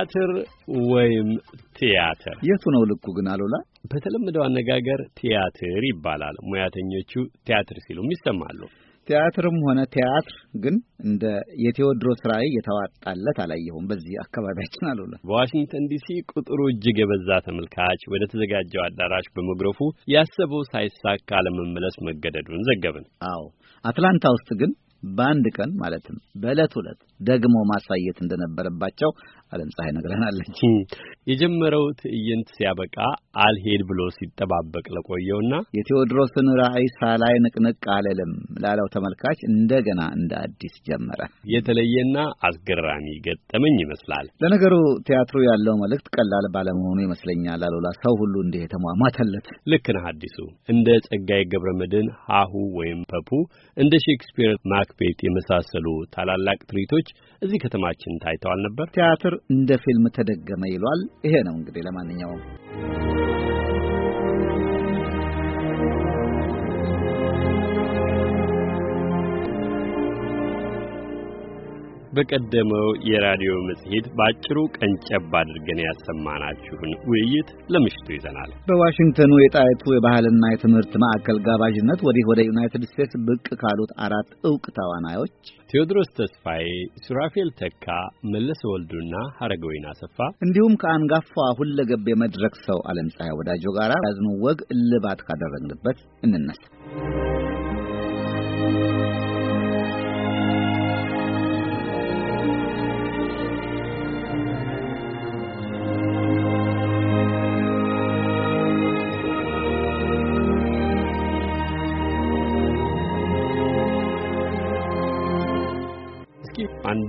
ቲያትር ወይም ቲያትር የቱ ነው ልኩ ግን አሉላ? በተለምደው አነጋገር ቲያትር ይባላል። ሙያተኞቹ ቲያትር ሲሉም ይሰማሉ። ቲያትርም ሆነ ቲያትር ግን እንደ የቴዎድሮስ ራዕይ የተዋጣለት አላየሁም በዚህ አካባቢያችን አሉላ። በዋሽንግተን ዲሲ ቁጥሩ እጅግ የበዛ ተመልካች ወደ ተዘጋጀው አዳራሽ በመግረፉ ያሰበው ሳይሳካ ለመመለስ መገደዱን ዘገብን። አዎ አትላንታ ውስጥ ግን በአንድ ቀን ማለትም በዕለት ሁለት ደግሞ ማሳየት እንደነበረባቸው አለም ፀሐይ ነግረናለች። የጀመረው ትዕይንት ሲያበቃ አልሄድ ብሎ ሲጠባበቅ ለቆየውና የቴዎድሮስን ራዕይ ሳላይ ንቅንቅ አልልም ላለው ተመልካች እንደገና እንደ አዲስ ጀመረ። የተለየና አስገራሚ ገጠመኝ ይመስላል። ለነገሩ ቲያትሩ ያለው መልእክት ቀላል ባለመሆኑ ይመስለኛል። አሉላ ሰው ሁሉ እንዲህ የተሟሟተለት ልክ ነህ አዲሱ። እንደ ጸጋዬ ገብረ መድን ሀሁ ወይም ፐፑ፣ እንደ ሼክስፒር ማክቤት የመሳሰሉ ታላላቅ ትርኢቶች እዚህ ከተማችን ታይተዋል ነበር። ቲያትር እንደ ፊልም ተደገመ ይሏል። ይሄ ነው እንግዲህ ለማንኛውም በቀደመው የራዲዮ መጽሔት በአጭሩ ቀንጨብ አድርገን ያሰማናችሁን ውይይት ለምሽቱ ይዘናል። በዋሽንግተኑ የጣይቱ የባህልና የትምህርት ማዕከል ጋባዥነት ወዲህ ወደ ዩናይትድ ስቴትስ ብቅ ካሉት አራት እውቅ ተዋናዮች ቴዎድሮስ ተስፋዬ፣ ሱራፌል ተካ፣ መለሰ ወልዱና ሀረገወይን አሰፋ እንዲሁም ከአንጋፋ ሁለገብ የመድረክ ሰው አለም ፀሐይ ወዳጆ ጋር ያዝኑ ወግ እልባት ካደረግንበት እንነሳ።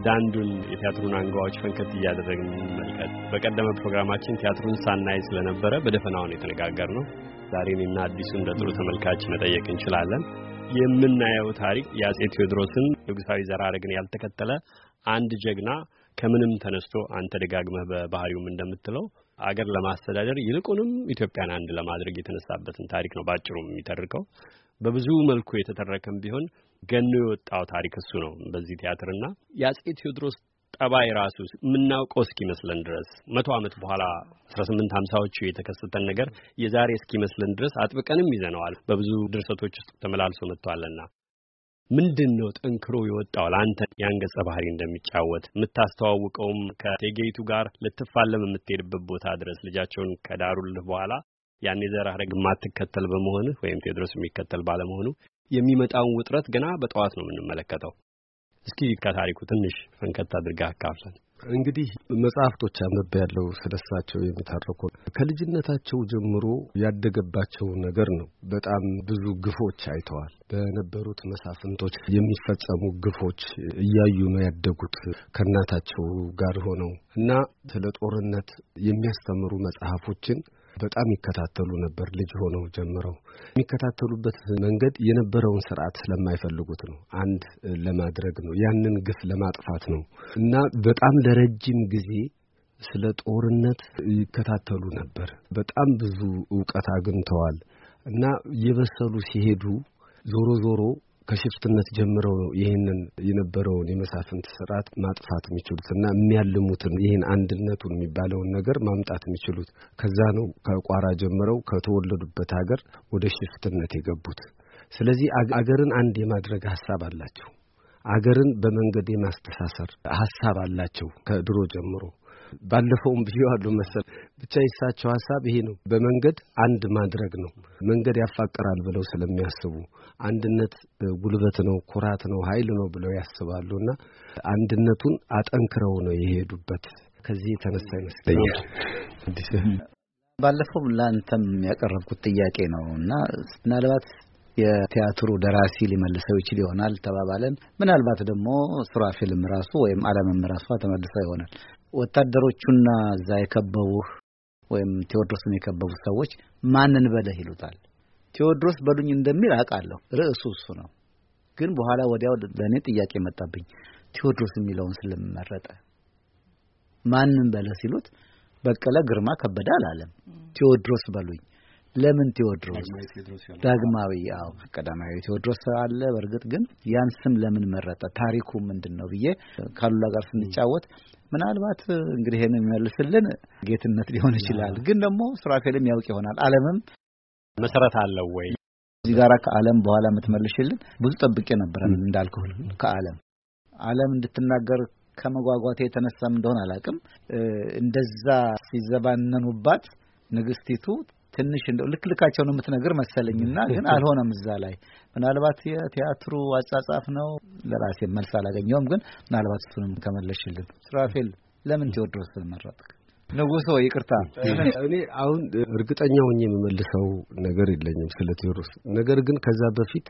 አንዳንዱን የቲያትሩን አንጓዎች ፈንከት እያደረግን እንመልከት። በቀደመ ፕሮግራማችን ቲያትሩን ሳናይ ስለነበረ በደፈናውን የተነጋገር ነው። ዛሬ እኔና አዲሱ እንደ ጥሩ ተመልካች መጠየቅ እንችላለን። የምናየው ታሪክ የአጼ ቴዎድሮስን ንጉሳዊ ዘራረግን ያልተከተለ አንድ ጀግና ከምንም ተነስቶ አንተ ደጋግመህ በባህሪውም እንደምትለው አገር ለማስተዳደር ይልቁንም ኢትዮጵያን አንድ ለማድረግ የተነሳበትን ታሪክ ነው ባጭሩ የሚተርከው። በብዙ መልኩ የተተረከም ቢሆን ገኖ የወጣው ታሪክ እሱ ነው። በዚህ ቲያትርና የአጼ ቴዎድሮስ ጠባይ ራሱ የምናውቀው እስኪመስለን ድረስ መቶ ዓመት በኋላ አስራ ስምንት ሀምሳዎቹ የተከሰተን ነገር የዛሬ እስኪመስለን ድረስ አጥብቀንም ይዘነዋል። በብዙ ድርሰቶች ውስጥ ተመላልሶ መጥቷልና ምንድን ነው ጠንክሮ የወጣዋል? አንተ ያን ገጸ ባህሪ እንደሚጫወት የምታስተዋውቀውም ከቴጌይቱ ጋር ልትፋለም የምትሄድበት ቦታ ድረስ ልጃቸውን ከዳሩልህ በኋላ ያን የዘር ሐረግ የማትከተል በመሆንህ ወይም ቴዎድሮስ የሚከተል ባለመሆኑ የሚመጣውን ውጥረት ገና በጠዋት ነው የምንመለከተው። እስኪ ከታሪኩ ትንሽ ፈንከት አድርጋ አካፍለን። እንግዲህ መጽሐፍቶች አንብቤ ያለው ስለሳቸው የሚታረኩ ከልጅነታቸው ጀምሮ ያደገባቸው ነገር ነው። በጣም ብዙ ግፎች አይተዋል። በነበሩት መሳፍንቶች የሚፈጸሙ ግፎች እያዩ ነው ያደጉት ከእናታቸው ጋር ሆነው እና ስለ ጦርነት የሚያስተምሩ መጽሐፎችን በጣም ይከታተሉ ነበር። ልጅ ሆነው ጀምረው የሚከታተሉበት መንገድ የነበረውን ስርዓት ስለማይፈልጉት ነው። አንድ ለማድረግ ነው፣ ያንን ግፍ ለማጥፋት ነው እና በጣም ለረጅም ጊዜ ስለ ጦርነት ይከታተሉ ነበር። በጣም ብዙ እውቀት አግኝተዋል እና የበሰሉ ሲሄዱ ዞሮ ዞሮ ከሽፍትነት ጀምረው ይህንን የነበረውን የመሳፍንት ስርዓት ማጥፋት የሚችሉትና የሚያልሙትን ይህን አንድነቱን የሚባለውን ነገር ማምጣት የሚችሉት ከዛ ነው። ከቋራ ጀምረው ከተወለዱበት ሀገር ወደ ሽፍትነት የገቡት። ስለዚህ አገርን አንድ የማድረግ ሀሳብ አላቸው። አገርን በመንገድ የማስተሳሰር ሀሳብ አላቸው ከድሮ ጀምሮ ባለፈውም ብዬዋለሁ መሰል ብቻ የሳቸው ሀሳብ ይሄ ነው። በመንገድ አንድ ማድረግ ነው። መንገድ ያፋቅራል ብለው ስለሚያስቡ አንድነት ጉልበት ነው፣ ኩራት ነው፣ ኃይል ነው ብለው ያስባሉ እና አንድነቱን አጠንክረው ነው የሄዱበት። ከዚህ የተነሳ ይመስለኛል ባለፈው ለአንተም ያቀረብኩት ጥያቄ ነው እና ምናልባት የቲያትሩ ደራሲ ሊመልሰው ይችል ይሆናል ተባባለን። ምናልባት ደግሞ ፊልም ራሱ ወይም አለምም ራሷ ተመልሰው ይሆናል። ወታደሮቹና እዛ የከበቡህ ወይም ቴዎድሮስን የከበቡ ሰዎች ማንን በለህ ይሉታል። ቴዎድሮስ በሉኝ እንደሚል አውቃለሁ። ርዕሱ እሱ ነው። ግን በኋላ ወዲያው ለእኔ ጥያቄ መጣብኝ። ቴዎድሮስ የሚለውን ስለመረጠ ማንን በለህ ሲሉት በቀለ ግርማ ከበደ አላለም። ቴዎድሮስ በሉኝ ለምን ቴዎድሮስ ዳግማዊ? አዎ ቀዳማዊ ቴዎድሮስ አለ። በእርግጥ ግን ያን ስም ለምን መረጠ? ታሪኩ ምንድን ነው ብዬ ካሉላ ጋር ስንጫወት ምናልባት እንግዲህ ይህን የሚመልስልን ጌትነት ሊሆን ይችላል። ግን ደግሞ ስራፌልም ያውቅ ይሆናል። አለምም መሰረት አለው ወይ እዚህ ጋር ከአለም በኋላ የምትመልሽልን ብዙ ጠብቄ ነበረ እንዳልኩህ ከአለም አለም እንድትናገር ከመጓጓቴ የተነሳም እንደሆነ አላውቅም እንደዛ ሲዘባነኑባት ንግስቲቱ ትንሽ እንደው ልክ ልካቸው ነው የምትነግር መሰለኝና ግን አልሆነም። እዛ ላይ ምናልባት የቲያትሩ አጻጻፍ ነው። ለራሴ መልስ አላገኘውም፣ ግን ምናልባት እሱንም ከመለሽልን። ስራፌል ለምን ቴዎድሮስ መረጥክ? ንጉሶ ይቅርታ፣ እኔ አሁን እርግጠኛ ሆኜ የምመልሰው ነገር የለኝም ስለ ቴዎድሮስ። ነገር ግን ከዛ በፊት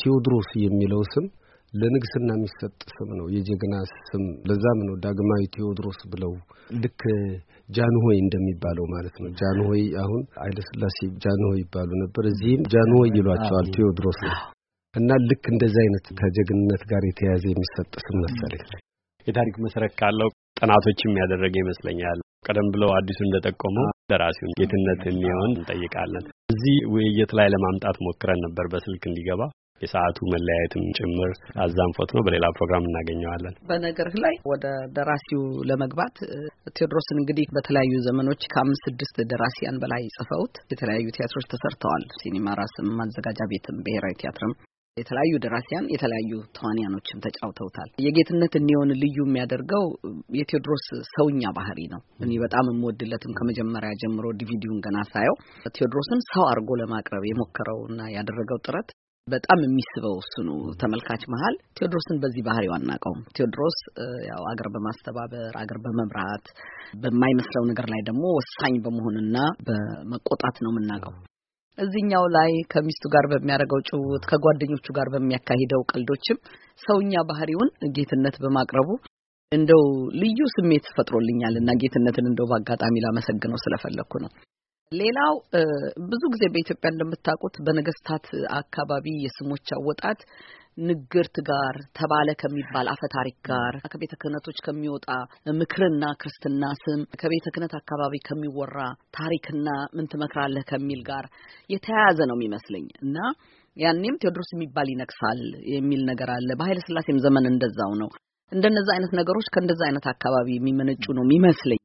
ቴዎድሮስ የሚለው ስም ለንግስና የሚሰጥ ስም ነው፣ የጀግና ስም። ለዛም ነው ዳግማዊ ቴዎድሮስ ብለው ልክ ጃንሆይ እንደሚባለው ማለት ነው። ጃንሆይ አሁን አይለስላሴ ጃንሆይ ይባሉ ነበር። እዚህም ጃንሆይ ይሏቸዋል፣ ቴዎድሮስ ነው እና ልክ እንደዚህ አይነት ከጀግንነት ጋር የተያያዘ የሚሰጥ ስም መሰለኝ የታሪክ መሰረት ካለው ጥናቶችም ያደረገ ይመስለኛል። ቀደም ብለው አዲሱ እንደጠቆመው ደራሲውን ጌትነት እንየውን እንጠይቃለን። እዚህ ውይይት ላይ ለማምጣት ሞክረን ነበር በስልክ እንዲገባ የሰዓቱ መለያየትም ጭምር አዛንፎት ነው። በሌላ ፕሮግራም እናገኘዋለን። በነገር ላይ ወደ ደራሲው ለመግባት ቴዎድሮስን እንግዲህ በተለያዩ ዘመኖች ከአምስት ስድስት ደራሲያን በላይ ጽፈውት የተለያዩ ቲያትሮች ተሰርተዋል። ሲኒማ ራስም፣ ማዘጋጃ ቤትም፣ ብሔራዊ ቲያትርም የተለያዩ ደራሲያን የተለያዩ ተዋንያኖችም ተጫውተውታል። የጌትነት እንዲሆን ልዩ የሚያደርገው የቴዎድሮስ ሰውኛ ባህሪ ነው። እኔ በጣም የምወድለትም ከመጀመሪያ ጀምሮ ዲቪዲውን ገና ሳየው ቴዎድሮስን ሰው አድርጎ ለማቅረብ የሞከረውና ያደረገው ጥረት በጣም የሚስበው እሱ ነው። ተመልካች መሀል ቴዎድሮስን በዚህ ባህሪው አናውቀውም። ቴዎድሮስ ያው አገር በማስተባበር አገር በመምራት በማይመስለው ነገር ላይ ደግሞ ወሳኝ በመሆንና በመቆጣት ነው የምናውቀው። እዚህኛው ላይ ከሚስቱ ጋር በሚያደርገው ጭውውት፣ ከጓደኞቹ ጋር በሚያካሂደው ቀልዶችም ሰውኛ ባህሪውን ጌትነት በማቅረቡ እንደው ልዩ ስሜት ፈጥሮልኛል እና ጌትነትን እንደው በአጋጣሚ ላመሰግነው ስለፈለግኩ ነው። ሌላው ብዙ ጊዜ በኢትዮጵያ እንደምታውቁት በነገስታት አካባቢ የስሞች አወጣት ንግርት ጋር ተባለ ከሚባል አፈታሪክ ጋር ከቤተ ክህነቶች ከሚወጣ ምክርና ክርስትና ስም ከቤተ ክህነት አካባቢ ከሚወራ ታሪክና ምን ትመክራለህ ከሚል ጋር የተያያዘ ነው የሚመስለኝ እና ያኔም ቴዎድሮስ የሚባል ይነግሳል የሚል ነገር አለ። በኃይለ ዘመን እንደዛው ነው። እንደነዛ አይነት ነገሮች ከእንደዛ አይነት አካባቢ የሚመነጩ ነው የሚመስለኝ።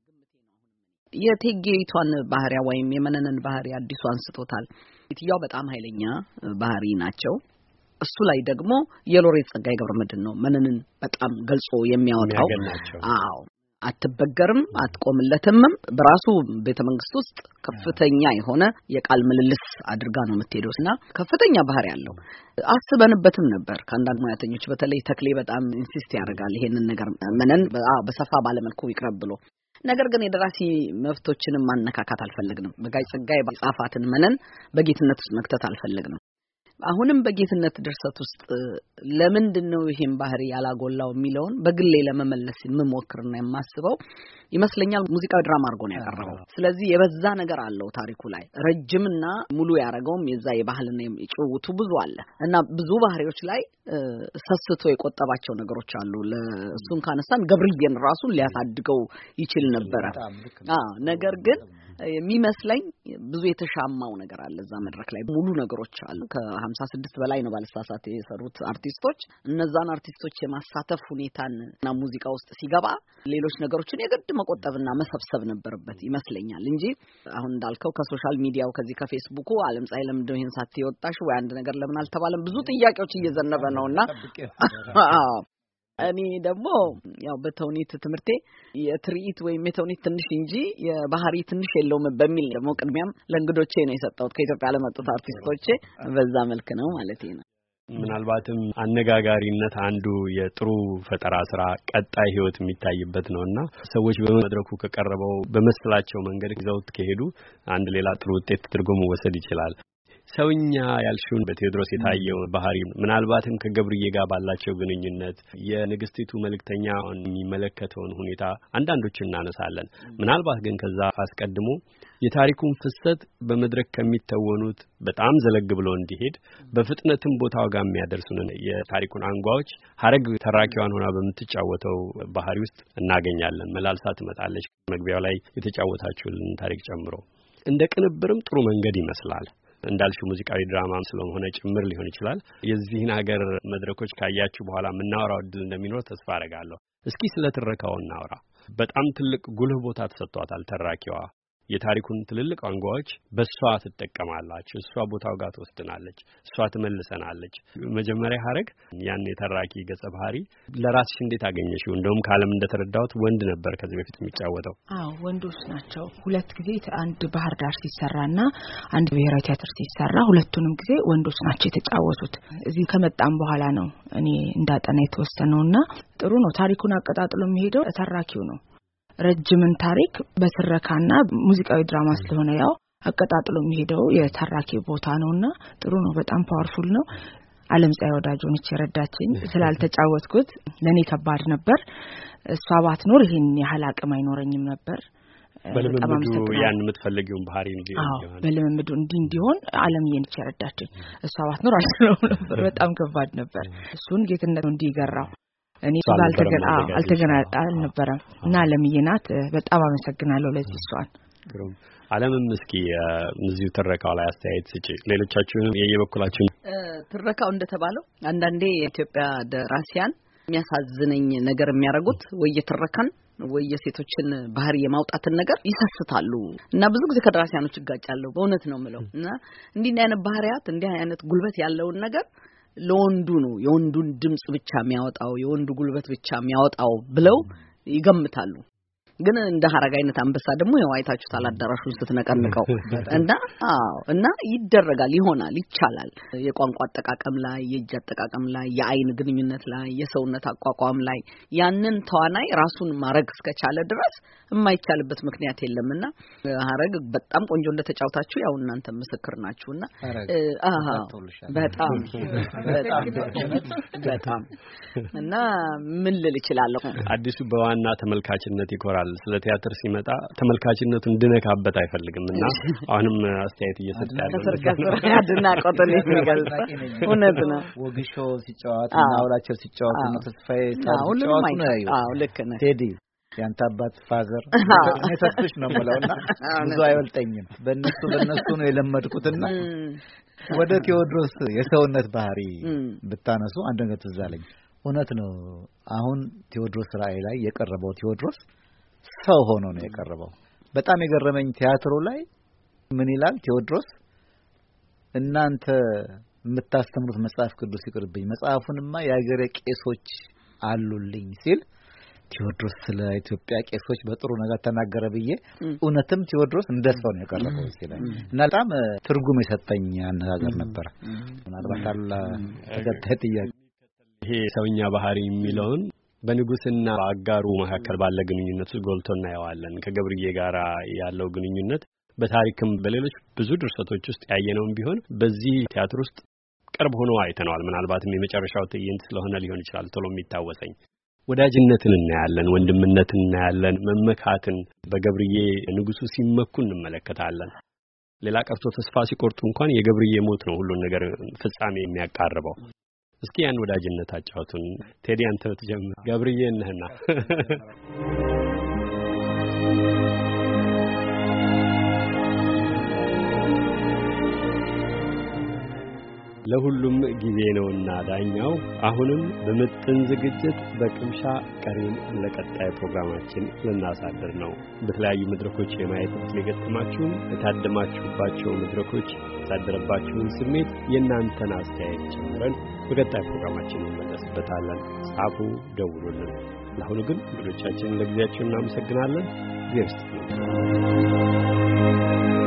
የቴጌይቷን ባህሪያ ወይም የመነንን ባህሪ አዲሱ አንስቶታል። ሴትያው በጣም ኃይለኛ ባህሪ ናቸው። እሱ ላይ ደግሞ የሎሬት ጸጋዬ ገብረመድህን ነው መነንን በጣም ገልጾ የሚያወጣው። አዎ አትበገርም፣ አትቆምለትምም። በራሱ ቤተ መንግስት ውስጥ ከፍተኛ የሆነ የቃል ምልልስ አድርጋ ነው የምትሄደውና ከፍተኛ ባህሪ ያለው አስበንበትም ነበር። ከአንዳንድ ሙያተኞች በተለይ ተክሌ በጣም ኢንሲስት ያደርጋል ይሄንን ነገር መነን በሰፋ ባለመልኩ ይቅረብ ብሎ ነገር ግን የደራሲ መብቶችንም ማነካካት አልፈለግንም። በጋይ ጸጋይ ጻፋትን መነን በጌትነት ውስጥ መክተት አልፈለግንም። አሁንም በጌትነት ድርሰት ውስጥ ለምንድን ነው ይሄን ባህሪ ያላጎላው የሚለውን በግሌ ለመመለስ የምሞክርና የማስበው ይመስለኛል ሙዚቃ ድራማ አድርጎ ነው ያቀረበው። ስለዚህ የበዛ ነገር አለው ታሪኩ ላይ ረጅምና ሙሉ ያደረገውም የዛ የባህልና የጭውውቱ ብዙ አለ እና ብዙ ባህሪዎች ላይ ሰስቶ የቆጠባቸው ነገሮች አሉ። ለእሱን ካነሳን ገብርዬን ራሱን ሊያሳድገው ይችል ነበረ። ነገር ግን የሚመስለኝ ብዙ የተሻማው ነገር አለ እዛ መድረክ ላይ ሙሉ ነገሮች አሉ። ከሀምሳ ስድስት በላይ ነው ባለሳሳት የሰሩት አርቲስቶች። እነዛን አርቲስቶች የማሳተፍ ሁኔታን እና ሙዚቃ ውስጥ ሲገባ ሌሎች ነገሮችን የግድ መቆጠብና መሰብሰብ ነበረበት ይመስለኛል እንጂ አሁን እንዳልከው ከሶሻል ሚዲያው ከዚህ ከፌስቡኩ አለም ፀሐይ ለምንድነው ይህን ሳት የወጣሽ ወይ አንድ ነገር ለምን አልተባለም ብዙ ጥያቄዎች እየዘነበ ነውና እኔ ደግሞ ያው በተውኔት ትምህርቴ የትርኢት ወይም የተውኔት ትንሽ እንጂ የባህሪ ትንሽ የለውም በሚል ደግሞ ቅድሚያም ለእንግዶቼ ነው የሰጠሁት ከኢትዮጵያ ለመጡት አርቲስቶቼ በዛ መልክ ነው ማለት ነው። ምናልባትም አነጋጋሪነት አንዱ የጥሩ ፈጠራ ስራ ቀጣይ ህይወት የሚታይበት ነው እና ሰዎች በመድረኩ ከቀረበው በመሰላቸው መንገድ ይዘውት ከሄዱ አንድ ሌላ ጥሩ ውጤት ተደርጎ መወሰድ ይችላል። ሰውኛ ያልሽውን በቴዎድሮስ የታየው ባህሪ ምናልባትም ከገብርዬ ጋር ባላቸው ግንኙነት የንግስቲቱ መልእክተኛ የሚመለከተውን ሁኔታ አንዳንዶች እናነሳለን። ምናልባት ግን ከዛ አስቀድሞ የታሪኩን ፍሰት በመድረክ ከሚተወኑት በጣም ዘለግ ብሎ እንዲሄድ በፍጥነትም ቦታው ጋር የሚያደርሱን የታሪኩን አንጓዎች ሀረግ ተራኪዋን ሆና በምትጫወተው ባህሪ ውስጥ እናገኛለን። መላልሳ ትመጣለች፣ መግቢያው ላይ የተጫወታችሁልን ታሪክ ጨምሮ እንደ ቅንብርም ጥሩ መንገድ ይመስላል። እንዳልሽው ሙዚቃዊ ድራማ ስለሆነ ጭምር ሊሆን ይችላል። የዚህን ሀገር መድረኮች ካያችሁ በኋላ የምናወራው እድል እንደሚኖር ተስፋ አረጋለሁ። እስኪ ስለ ትረካው እናውራ። በጣም ትልቅ ጉልህ ቦታ ተሰጥቷታል ተራኪዋ የታሪኩን ትልልቅ አንጓዎች በእሷ ትጠቀማላች እሷ ቦታው ጋር ትወስድናለች፣ እሷ ትመልሰናለች። መጀመሪያ ሀረግ ያን የተራኪ ገጸ ባህሪ ለራስሽ እንዴት አገኘሽው? እንደውም ከአለም እንደተረዳሁት ወንድ ነበር ከዚህ በፊት የሚጫወተው። አዎ ወንዶች ናቸው። ሁለት ጊዜ አንድ ባህር ዳር ሲሰራና አንድ ብሔራዊ ቲያትር ሲሰራ ሁለቱንም ጊዜ ወንዶች ናቸው የተጫወቱት። እዚህ ከመጣም በኋላ ነው እኔ እንዳጠና የተወሰነውና ጥሩ ነው። ታሪኩን አቀጣጥሎ የሚሄደው ተራኪው ነው። ረጅምን ታሪክ በትረካና ሙዚቃዊ ድራማ ስለሆነ ያው አቀጣጥሎ የሚሄደው የተራኪ ቦታ ነው እና ጥሩ ነው። በጣም ፓወርፉል ነው። አለም ፀሐይ ወዳጆ ነች የረዳችኝ። ስላልተጫወትኩት ለእኔ ከባድ ነበር። እሷ ባትኖር ይህን ያህል አቅም አይኖረኝም ነበር። በልምምዱ ያን የምትፈልጊውን ባህሪ በልምምዱ እንዲህ እንዲሆን አለምዬ ነች የረዳችኝ። እሷ ባትኖር አልችለውም ነበር። በጣም ከባድ ነበር። እሱን ጌትነት እንዲህ ገራው እኔ አልተገና አልነበረም እና አለምዬ በጣም አመሰግናለሁ ለዚህ እሷን አለምም እስኪ እዚሁ ትረካው ላይ አስተያየት ስጪ። ሌሎቻችሁንም የየበኩላችሁን ትረካው እንደተባለው አንዳንዴ የኢትዮጵያ ደራሲያን የሚያሳዝነኝ ነገር የሚያደርጉት ወይ የትረካን ወይ የሴቶችን ባህሪ የማውጣትን ነገር ይሰስታሉ እና ብዙ ጊዜ ከደራሲያኖች እጋጫለሁ። በእውነት ነው የምለው እና እንዲህ እንዲህ አይነት ባህሪያት እንዲህ አይነት ጉልበት ያለውን ነገር ለወንዱ ነው የወንዱን ድምፅ ብቻ የሚያወጣው የወንዱ ጉልበት ብቻ የሚያወጣው ብለው ይገምታሉ። ግን እንደ ሀረግ አይነት አንበሳ ደግሞ ያው አይታችሁታል አዳራሹን ስትነቀንቀው እና አዎ እና ይደረጋል ይሆናል ይቻላል የቋንቋ አጠቃቀም ላይ የእጅ አጠቃቀም ላይ የአይን ግንኙነት ላይ የሰውነት አቋቋም ላይ ያንን ተዋናይ ራሱን ማረግ እስከቻለ ድረስ የማይቻልበት ምክንያት የለምና ሀረግ በጣም ቆንጆ እንደተጫውታችሁ ያው እናንተ ምስክር ናችሁና በጣም በጣም በጣም እና ምን ልል እችላለሁ አዲሱ በዋና ተመልካችነት ይኮራል ይወዳል። ስለ ቲያትር ሲመጣ ተመልካችነቱ እንድነካበት አይፈልግም እና አሁንም አስተያየት እየሰጠ ያለ አድናቆትን የሚገልጽ እውነት ነው። ወግሾ ሲጫወት እና አውላቸው ሲጫወት እና ተስፋዬ ሲጫወት ነው። ልክ ነህ ቴዲ ያንተ አባት ፋዘር ተስፍሽ ነው የምለውና ብዙ አይወልጠኝም። በእነሱ በእነሱ ነው የለመድኩትና ወደ ቴዎድሮስ የሰውነት ባህሪ ብታነሱ አንድ ነገር ትዝ አለኝ። እውነት ነው። አሁን ቴዎድሮስ ራእይ ላይ የቀረበው ቴዎድሮስ ሰው ሆኖ ነው የቀረበው። በጣም የገረመኝ ቲያትሩ ላይ ምን ይላል ቴዎድሮስ እናንተ የምታስተምሩት መጽሐፍ ቅዱስ ይቅርብኝ፣ መጽሐፉንማ የአገሬ ቄሶች አሉልኝ ሲል ቴዎድሮስ ስለ ኢትዮጵያ ቄሶች በጥሩ ነገር ተናገረ ብዬ እውነትም ቴዎድሮስ እንደ ሰው ነው የቀረበው ይላል እና በጣም ትርጉም የሰጠኝ አነጋገር ነበረ። ምናልባት አላ ተከታይ ጥያቄ ይሄ ሰውኛ ባህሪ የሚለውን በንጉስና በአጋሩ መካከል ባለ ግንኙነት ጎልቶ እናየዋለን። ከገብርዬ ጋር ያለው ግንኙነት በታሪክም በሌሎች ብዙ ድርሰቶች ውስጥ ያየነውም ቢሆን በዚህ ቲያትር ውስጥ ቅርብ ሆኖ አይተነዋል። ምናልባትም የመጨረሻው ትዕይንት ስለሆነ ሊሆን ይችላል ቶሎ የሚታወሰኝ። ወዳጅነትን እናያለን፣ ወንድምነትን እናያለን፣ መመካትን በገብርዬ ንጉሱ ሲመኩ እንመለከታለን። ሌላ ቀርቶ ተስፋ ሲቆርጡ እንኳን የገብርዬ ሞት ነው ሁሉን ነገር ፍጻሜ የሚያቃርበው። እስኪ ያን ወዳጅነት አጫውቱን። ቴዲ አንተ ብትጀምር፣ ገብርዬ ነህና ለሁሉም ጊዜ ነውና ዳኛው አሁንም በምጥን ዝግጅት በቅምሻ ቀሪን ለቀጣይ ፕሮግራማችን ልናሳድር ነው። በተለያዩ መድረኮች የማየት ዕድል የገጠማችሁም የታደማችሁባቸው መድረኮች ያሳደረባችሁን ስሜት የእናንተን አስተያየት ጨምረን በቀጣይ ፕሮግራማችን እንመለስበታለን። ጻፉ፣ ደውሉልን። ለአሁኑ ግን እንግዶቻችንን ለጊዜያቸው እናመሰግናለን። you.